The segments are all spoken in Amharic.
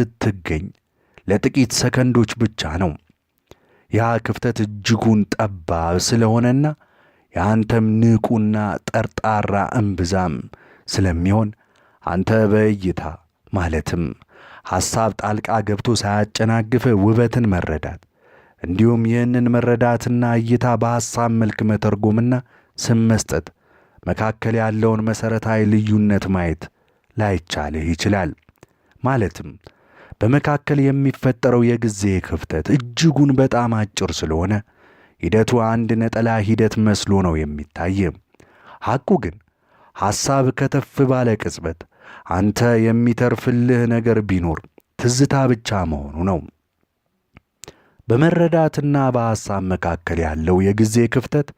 ስትገኝ ለጥቂት ሰከንዶች ብቻ ነው። ያ ክፍተት እጅጉን ጠባብ ስለሆነና የአንተም ንቁና ጠርጣራ እምብዛም ስለሚሆን አንተ በእይታ ማለትም ሐሳብ ጣልቃ ገብቶ ሳያጨናግፍ ውበትን መረዳት እንዲሁም ይህንን መረዳትና እይታ በሐሳብ መልክ መተርጎምና ስም መስጠት መካከል ያለውን መሠረታዊ ልዩነት ማየት ላይቻልህ ይችላል። ማለትም በመካከል የሚፈጠረው የጊዜ ክፍተት እጅጉን በጣም አጭር ስለሆነ ሂደቱ አንድ ነጠላ ሂደት መስሎ ነው የሚታይ። ሐቁ ግን ሐሳብ ከተፍ ባለ ቅጽበት አንተ የሚተርፍልህ ነገር ቢኖር ትዝታ ብቻ መሆኑ ነው። በመረዳትና በሐሳብ መካከል ያለው የጊዜ ክፍተት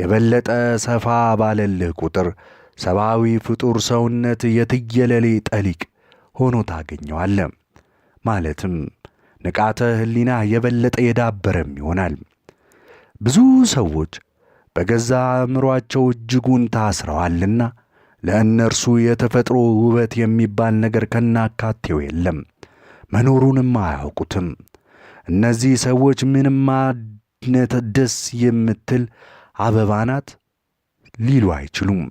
የበለጠ ሰፋ ባለልህ ቁጥር ሰብአዊ ፍጡር ሰውነት የትየለሌ ጠሊቅ ሆኖ ታገኘዋለህ። ማለትም ንቃተ ህሊና የበለጠ የዳበረም ይሆናል። ብዙ ሰዎች በገዛ አእምሯቸው እጅጉን ታስረዋልና ለእነርሱ የተፈጥሮ ውበት የሚባል ነገር ከናካቴው የለም፣ መኖሩንም አያውቁትም። እነዚህ ሰዎች ምንም ደስ የምትል አበባ ናት ሊሉ አይችሉም።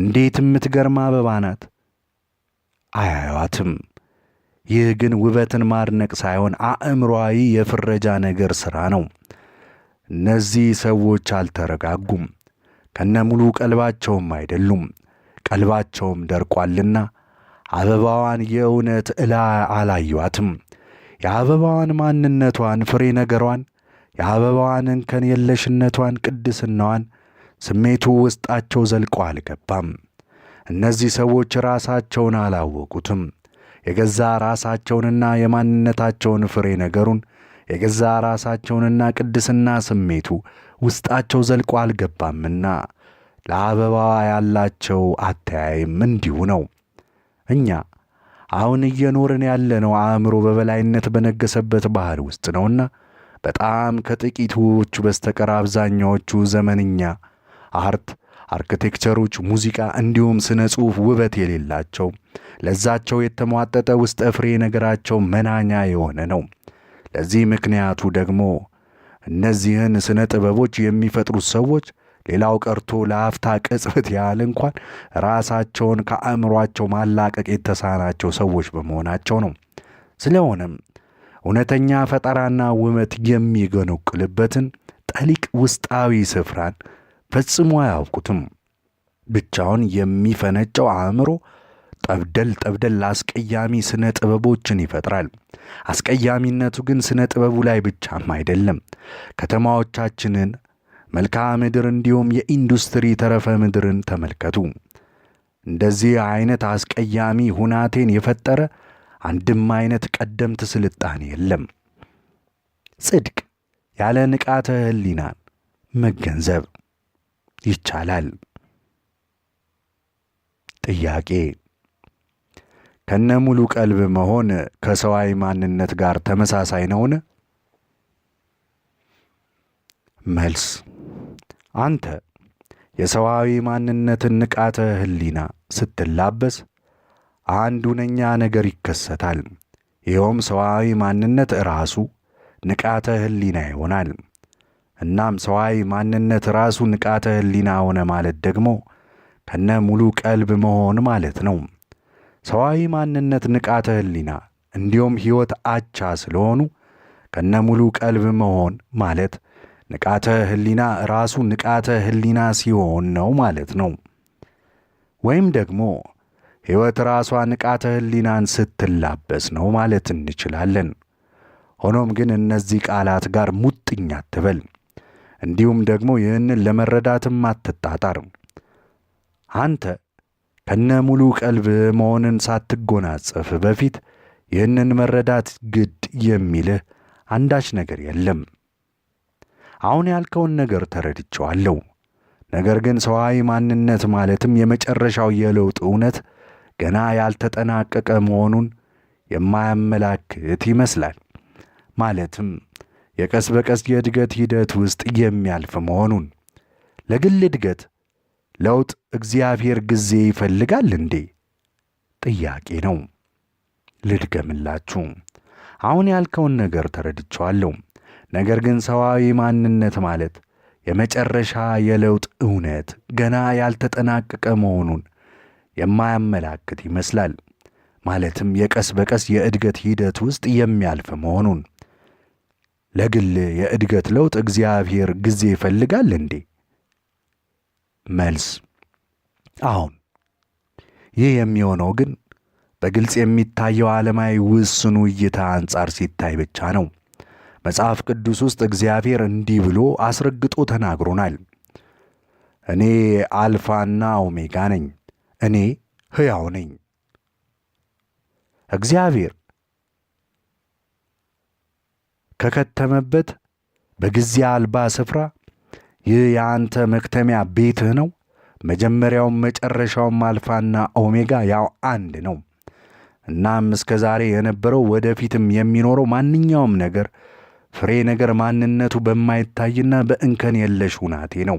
እንዴት የምትገርም አበባ ናት አያዩዋትም። ይህ ግን ውበትን ማድነቅ ሳይሆን አእምሯዊ የፍረጃ ነገር ሥራ ነው። እነዚህ ሰዎች አልተረጋጉም፣ ከነሙሉ ቀልባቸውም አይደሉም። ቀልባቸውም ደርቋልና አበባዋን የእውነት እላ አላዩአትም። የአበባዋን ማንነቷን፣ ፍሬ ነገሯን፣ የአበባዋን እንከን የለሽነቷን፣ ቅድስናዋን ስሜቱ ውስጣቸው ዘልቆ አልገባም። እነዚህ ሰዎች ራሳቸውን አላወቁትም። የገዛ ራሳቸውንና የማንነታቸውን ፍሬ ነገሩን የገዛ ራሳቸውንና ቅድስና ስሜቱ ውስጣቸው ዘልቆ አልገባምና ለአበባዋ ያላቸው አተያይም እንዲሁ ነው። እኛ አሁን እየኖርን ያለነው አእምሮ በበላይነት በነገሰበት ባህል ውስጥ ነውና በጣም ከጥቂቶቹ በስተቀር አብዛኛዎቹ ዘመንኛ አርት አርክቴክቸሮች፣ ሙዚቃ እንዲሁም ስነ ጽሑፍ ውበት የሌላቸው ለዛቸው የተሟጠጠ ውስጠ ፍሬ ነገራቸው መናኛ የሆነ ነው። ለዚህ ምክንያቱ ደግሞ እነዚህን ስነ ጥበቦች የሚፈጥሩት ሰዎች ሌላው ቀርቶ ለአፍታ ቅጽበት ያህል እንኳን ራሳቸውን ከአእምሯቸው ማላቀቅ የተሳናቸው ሰዎች በመሆናቸው ነው። ስለሆነም እውነተኛ ፈጠራና ውበት የሚገነቅልበትን ጠሊቅ ውስጣዊ ስፍራን ፈጽሞ አያውቁትም። ብቻውን የሚፈነጨው አእምሮ ጠብደል ጠብደል አስቀያሚ ስነ ጥበቦችን ይፈጥራል። አስቀያሚነቱ ግን ስነ ጥበቡ ላይ ብቻም አይደለም። ከተማዎቻችንን፣ መልክዓ ምድር እንዲሁም የኢንዱስትሪ ተረፈ ምድርን ተመልከቱ። እንደዚህ አይነት አስቀያሚ ሁናቴን የፈጠረ አንድም አይነት ቀደምት ስልጣኔ የለም። ጽድቅ ያለ ንቃተ ህሊናን መገንዘብ ይቻላል። ጥያቄ ከነ ሙሉ ቀልብ መሆን ከሰዋዊ ማንነት ጋር ተመሳሳይ ነውን? መልስ አንተ የሰዋዊ ማንነትን ንቃተ ህሊና ስትላበስ አንድ ሁነኛ ነገር ይከሰታል። ይኸውም ሰዋዊ ማንነት ራሱ ንቃተ ህሊና ይሆናል። እናም ሰዋይ ማንነት ራሱ ንቃተ ህሊና ሆነ ማለት ደግሞ ከነ ሙሉ ቀልብ መሆን ማለት ነው። ሰዋዊ ማንነት ንቃተ ህሊና እንዲሁም ሕይወት አቻ ስለሆኑ ከነ ሙሉ ቀልብ መሆን ማለት ንቃተ ህሊና ራሱ ንቃተ ህሊና ሲሆን ነው ማለት ነው። ወይም ደግሞ ሕይወት ራሷ ንቃተ ህሊናን ስትላበስ ነው ማለት እንችላለን። ሆኖም ግን እነዚህ ቃላት ጋር ሙጥኝ አትበል። እንዲሁም ደግሞ ይህንን ለመረዳትም አትጣጣር። አንተ ከነ ሙሉ ቀልብ መሆንን ሳትጎናጸፍ በፊት ይህንን መረዳት ግድ የሚልህ አንዳች ነገር የለም። አሁን ያልከውን ነገር ተረድቼዋለሁ። ነገር ግን ሰዋዊ ማንነት ማለትም የመጨረሻው የለውጥ እውነት ገና ያልተጠናቀቀ መሆኑን የማያመላክት ይመስላል። ማለትም የቀስ በቀስ የእድገት ሂደት ውስጥ የሚያልፍ መሆኑን። ለግል እድገት ለውጥ እግዚአብሔር ጊዜ ይፈልጋል እንዴ? ጥያቄ ነው። ልድገምላችሁ። አሁን ያልከውን ነገር ተረድቸዋለሁ። ነገር ግን ሰዋዊ ማንነት ማለት የመጨረሻ የለውጥ እውነት ገና ያልተጠናቀቀ መሆኑን የማያመላክት ይመስላል። ማለትም የቀስ በቀስ የእድገት ሂደት ውስጥ የሚያልፍ መሆኑን ለግል የእድገት ለውጥ እግዚአብሔር ጊዜ ይፈልጋል እንዴ? መልስ አሁን ይህ የሚሆነው ግን በግልጽ የሚታየው ዓለማዊ ውስኑ እይታ አንጻር ሲታይ ብቻ ነው። መጽሐፍ ቅዱስ ውስጥ እግዚአብሔር እንዲህ ብሎ አስረግጦ ተናግሮናል። እኔ አልፋና ኦሜጋ ነኝ፣ እኔ ሕያው ነኝ። እግዚአብሔር ከከተመበት በጊዜ አልባ ስፍራ ይህ የአንተ መክተሚያ ቤትህ ነው፣ መጀመሪያውም መጨረሻውም አልፋና ኦሜጋ ያው አንድ ነው። እናም እስከ ዛሬ የነበረው ወደፊትም የሚኖረው ማንኛውም ነገር ፍሬ ነገር ማንነቱ በማይታይና በእንከን የለሽ ሁናቴ ነው።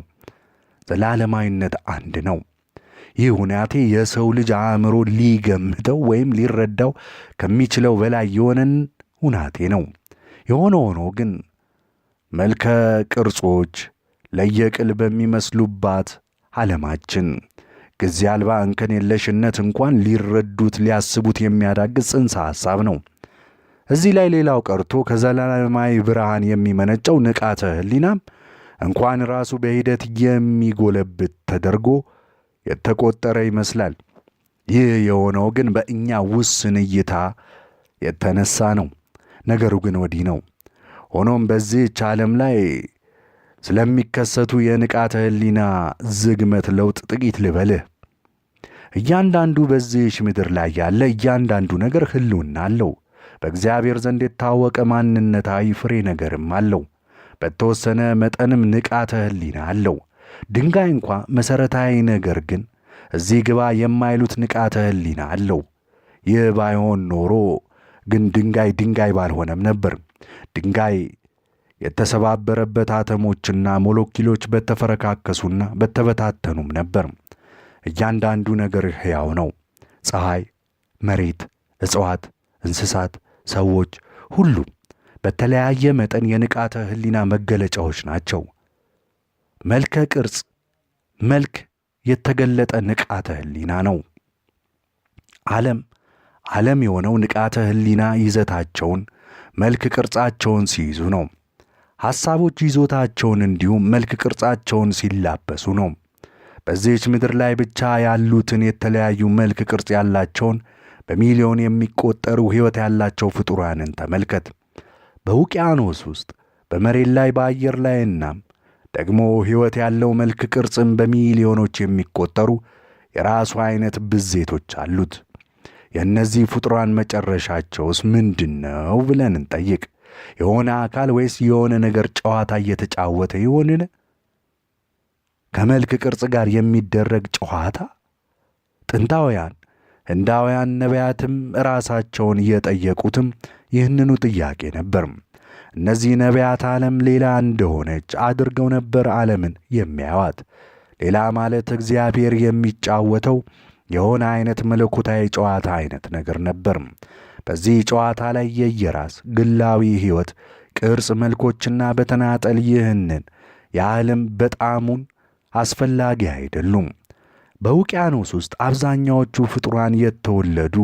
ዘላለማዊነት አንድ ነው። ይህ ሁናቴ የሰው ልጅ አእምሮ ሊገምተው ወይም ሊረዳው ከሚችለው በላይ የሆነን ሁናቴ ነው። የሆነ ሆኖ ግን መልከ ቅርጾች ለየቅል በሚመስሉባት ዓለማችን ጊዜ አልባ እንከን የለሽነት እንኳን ሊረዱት ሊያስቡት የሚያዳግስ ጽንሰ ሐሳብ ነው። እዚህ ላይ ሌላው ቀርቶ ከዘላለማዊ ብርሃን የሚመነጨው ንቃተ ሕሊናም እንኳን ራሱ በሂደት የሚጎለብት ተደርጎ የተቆጠረ ይመስላል። ይህ የሆነው ግን በእኛ ውስን እይታ የተነሳ ነው። ነገሩ ግን ወዲህ ነው። ሆኖም በዚህች ዓለም ላይ ስለሚከሰቱ የንቃተ ህሊና ዝግመት ለውጥ ጥቂት ልበልህ። እያንዳንዱ በዚህች ምድር ላይ ያለ እያንዳንዱ ነገር ህልውና አለው። በእግዚአብሔር ዘንድ የታወቀ ማንነታዊ ፍሬ ነገርም አለው። በተወሰነ መጠንም ንቃተ ህሊና አለው። ድንጋይ እንኳ መሠረታዊ ነገር ግን እዚህ ግባ የማይሉት ንቃተ ህሊና አለው። ይህ ባይሆን ኖሮ ግን ድንጋይ ድንጋይ ባልሆነም ነበር። ድንጋይ የተሰባበረበት አተሞችና ሞለኪሎች በተፈረካከሱና በተበታተኑም ነበር። እያንዳንዱ ነገር ሕያው ነው። ፀሐይ፣ መሬት፣ እጽዋት፣ እንስሳት፣ ሰዎች ሁሉም በተለያየ መጠን የንቃተ ሕሊና መገለጫዎች ናቸው። መልከ ቅርጽ መልክ የተገለጠ ንቃተ ሕሊና ነው። ዓለም ዓለም የሆነው ንቃተ ህሊና ይዘታቸውን መልክ ቅርጻቸውን ሲይዙ ነው። ሐሳቦች ይዞታቸውን እንዲሁም መልክ ቅርጻቸውን ሲላበሱ ነው። በዚህች ምድር ላይ ብቻ ያሉትን የተለያዩ መልክ ቅርጽ ያላቸውን በሚሊዮን የሚቆጠሩ ሕይወት ያላቸው ፍጡራንን ተመልከት። በውቅያኖስ ውስጥ በመሬት ላይ በአየር ላይና ደግሞ ሕይወት ያለው መልክ ቅርጽም በሚሊዮኖች የሚቆጠሩ የራሱ ዐይነት ብዜቶች አሉት። የእነዚህ ፍጡራን መጨረሻቸውስ ምንድን ነው ብለን እንጠይቅ። የሆነ አካል ወይስ የሆነ ነገር ጨዋታ እየተጫወተ ይሆንን? ከመልክ ቅርጽ ጋር የሚደረግ ጨዋታ? ጥንታውያን ህንዳውያን ነቢያትም ራሳቸውን እየጠየቁትም ይህንኑ ጥያቄ ነበርም። እነዚህ ነቢያት ዓለም ሌላ እንደሆነች አድርገው ነበር ዓለምን የሚያዋት ሌላ ማለት እግዚአብሔር የሚጫወተው የሆነ አይነት መለኮታዊ ጨዋታ አይነት ነገር ነበር። በዚህ ጨዋታ ላይ የየራስ ግላዊ ሕይወት ቅርጽ፣ መልኮችና በተናጠል ይህንን የዓለም በጣሙን አስፈላጊ አይደሉም። በውቅያኖስ ውስጥ አብዛኛዎቹ ፍጡራን የተወለዱ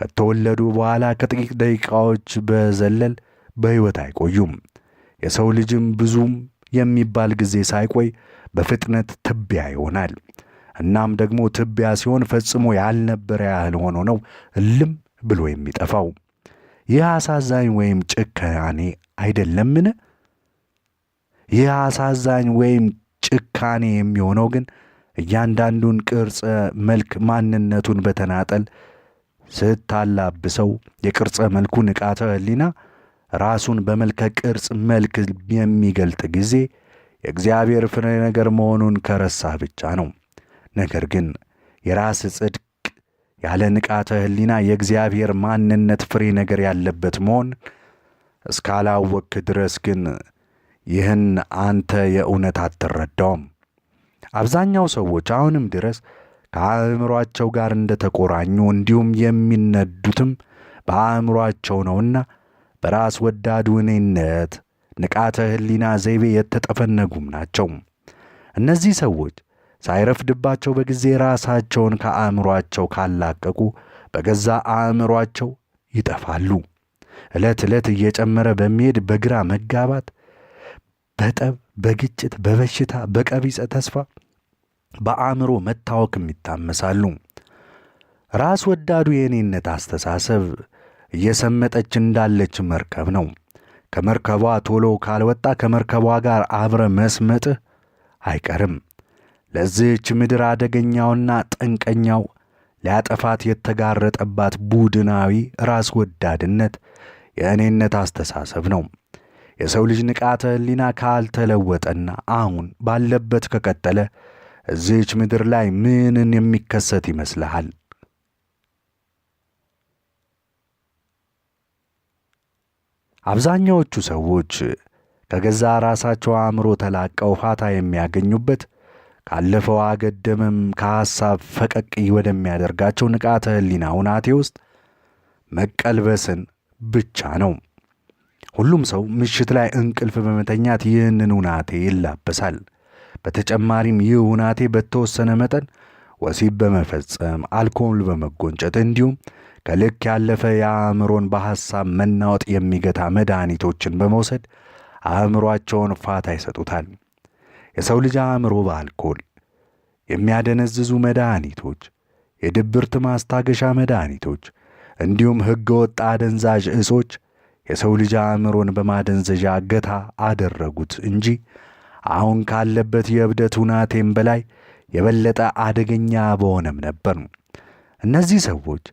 ከተወለዱ በኋላ ከጥቂት ደቂቃዎች በዘለል በሕይወት አይቆዩም። የሰው ልጅም ብዙም የሚባል ጊዜ ሳይቆይ በፍጥነት ትቢያ ይሆናል። እናም ደግሞ ትቢያ ሲሆን ፈጽሞ ያልነበረ ያህል ሆኖ ነው እልም ብሎ የሚጠፋው። ይህ አሳዛኝ ወይም ጭካኔ አይደለምን? ይህ አሳዛኝ ወይም ጭካኔ የሚሆነው ግን እያንዳንዱን ቅርጸ መልክ ማንነቱን በተናጠል ስታላብሰው የቅርጸ መልኩ ንቃተ ህሊና ራሱን በመልከ ቅርጽ መልክ የሚገልጥ ጊዜ የእግዚአብሔር ፍሬ ነገር መሆኑን ከረሳህ ብቻ ነው። ነገር ግን የራስ ጽድቅ ያለ ንቃተ ህሊና የእግዚአብሔር ማንነት ፍሬ ነገር ያለበት መሆን እስካላወቅክ ድረስ ግን ይህን አንተ የእውነት አትረዳውም። አብዛኛው ሰዎች አሁንም ድረስ ከአእምሯቸው ጋር እንደ ተቆራኙ እንዲሁም የሚነዱትም በአእምሯቸው ነውና በራስ ወዳድ እኔነት ንቃተ ህሊና ዘይቤ የተጠፈነጉም ናቸው። እነዚህ ሰዎች ሳይረፍድባቸው በጊዜ ራሳቸውን ከአእምሯቸው ካላቀቁ በገዛ አእምሯቸው ይጠፋሉ። ዕለት ዕለት እየጨመረ በሚሄድ በግራ መጋባት፣ በጠብ፣ በግጭት፣ በበሽታ፣ በቀቢጸ ተስፋ፣ በአእምሮ መታወክም ይታመሳሉ። ራስ ወዳዱ የእኔነት አስተሳሰብ እየሰመጠች እንዳለች መርከብ ነው። ከመርከቧ ቶሎ ካልወጣ ከመርከቧ ጋር አብረ መስመጥህ አይቀርም። ለዚህች ምድር አደገኛውና ጠንቀኛው ሊያጠፋት የተጋረጠባት ቡድናዊ ራስ ወዳድነት የእኔነት አስተሳሰብ ነው። የሰው ልጅ ንቃተ ሕሊና ካልተለወጠና አሁን ባለበት ከቀጠለ እዚህች ምድር ላይ ምንን የሚከሰት ይመስልሃል? አብዛኛዎቹ ሰዎች ከገዛ ራሳቸው አእምሮ ተላቀው ፋታ የሚያገኙበት ካለፈው አገደምም ከሐሳብ ፈቀቅ ወደሚያደርጋቸው ንቃተ ህሊና ሁናቴ ውስጥ መቀልበስን ብቻ ነው። ሁሉም ሰው ምሽት ላይ እንቅልፍ በመተኛት ይህንን ሁናቴ ይላበሳል። በተጨማሪም ይህ ሁናቴ በተወሰነ መጠን ወሲብ በመፈጸም አልኮል በመጎንጨት እንዲሁም ከልክ ያለፈ የአእምሮን በሐሳብ መናወጥ የሚገታ መድኃኒቶችን በመውሰድ አእምሯቸውን ፋታ ይሰጡታል። የሰው ልጅ አእምሮ በአልኮል የሚያደነዝዙ መድኃኒቶች፣ የድብርት ማስታገሻ መድኃኒቶች እንዲሁም ሕገ ወጥ አደንዛዥ እሶች የሰው ልጅ አእምሮን በማደንዘዣ እገታ አደረጉት እንጂ አሁን ካለበት የእብደት ሁናቴም በላይ የበለጠ አደገኛ በሆነም ነበር። እነዚህ ሰዎች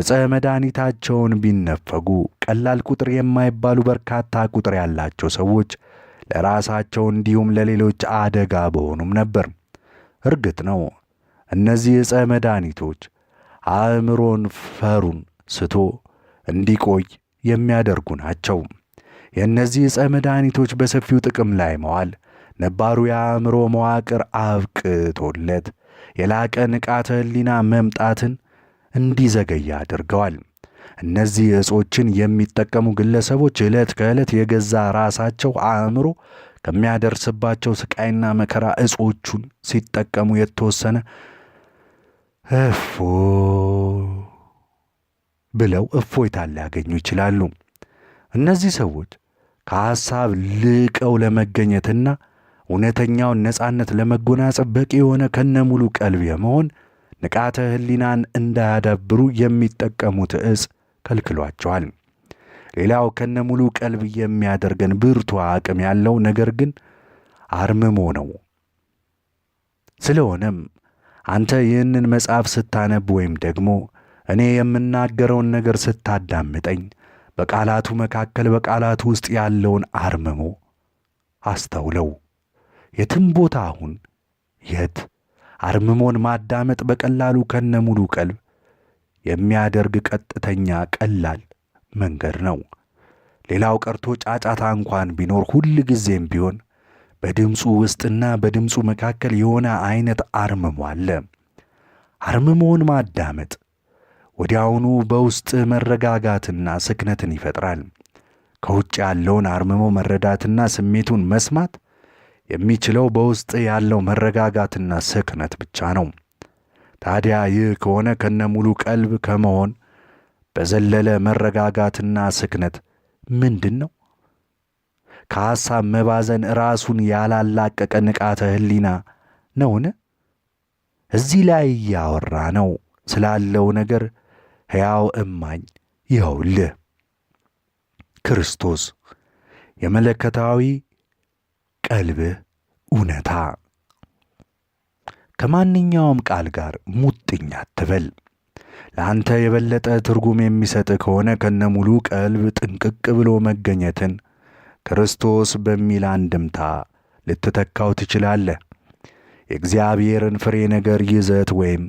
እፀ መድኃኒታቸውን ቢነፈጉ ቀላል ቁጥር የማይባሉ በርካታ ቁጥር ያላቸው ሰዎች ለራሳቸው እንዲሁም ለሌሎች አደጋ በሆኑም ነበር። እርግጥ ነው እነዚህ ዕፀ መድኃኒቶች አእምሮን ፈሩን ስቶ እንዲቆይ የሚያደርጉ ናቸው። የእነዚህ ዕፀ መድኃኒቶች በሰፊው ጥቅም ላይ መዋል ነባሩ የአእምሮ መዋቅር አብቅቶለት የላቀ ንቃተ ሕሊና መምጣትን እንዲዘገይ አድርገዋል። እነዚህ እጾችን የሚጠቀሙ ግለሰቦች ዕለት ከዕለት የገዛ ራሳቸው አእምሮ ከሚያደርስባቸው ስቃይና መከራ እጾቹን ሲጠቀሙ የተወሰነ እፎ ብለው እፎይታ ሊያገኙ ይችላሉ። እነዚህ ሰዎች ከሐሳብ ልቀው ለመገኘትና እውነተኛውን ነፃነት ለመጎናጸፍ በቂ የሆነ ከነሙሉ ቀልብ የመሆን ንቃተ ህሊናን እንዳያዳብሩ የሚጠቀሙት እጽ ከልክሏቸዋል። ሌላው ከነ ሙሉ ቀልብ የሚያደርገን ብርቱ አቅም ያለው ነገር ግን አርምሞ ነው። ስለሆነም አንተ ይህንን መጽሐፍ ስታነብ ወይም ደግሞ እኔ የምናገረውን ነገር ስታዳምጠኝ በቃላቱ መካከል በቃላቱ ውስጥ ያለውን አርምሞ አስተውለው። የትም ቦታ አሁን የት አርምሞን ማዳመጥ በቀላሉ ከነ ሙሉ ቀልብ የሚያደርግ ቀጥተኛ ቀላል መንገድ ነው። ሌላው ቀርቶ ጫጫታ እንኳን ቢኖር ሁል ጊዜም ቢሆን በድምፁ ውስጥና በድምፁ መካከል የሆነ አይነት አርምሞ አለ። አርምሞውን ማዳመጥ ወዲያውኑ በውስጥ መረጋጋትና ስክነትን ይፈጥራል። ከውጭ ያለውን አርምሞ መረዳትና ስሜቱን መስማት የሚችለው በውስጥ ያለው መረጋጋትና ስክነት ብቻ ነው። ታዲያ ይህ ከሆነ ከነ ሙሉ ቀልብ ከመሆን በዘለለ መረጋጋትና ስክነት ምንድን ነው? ከሐሳብ መባዘን ራሱን ያላላቀቀ ንቃተ ህሊና ነውን? እዚህ ላይ እያወራ ነው ስላለው ነገር ሕያው እማኝ ይኸውልህ ክርስቶስ የመለከታዊ ቀልብህ እውነታ ከማንኛውም ቃል ጋር ሙጥኝ አትበል። ለአንተ የበለጠ ትርጉም የሚሰጥ ከሆነ ከነ ሙሉ ቀልብ ጥንቅቅ ብሎ መገኘትን ክርስቶስ በሚል አንድምታ ልትተካው ትችላለህ። የእግዚአብሔርን ፍሬ ነገር ይዘት ወይም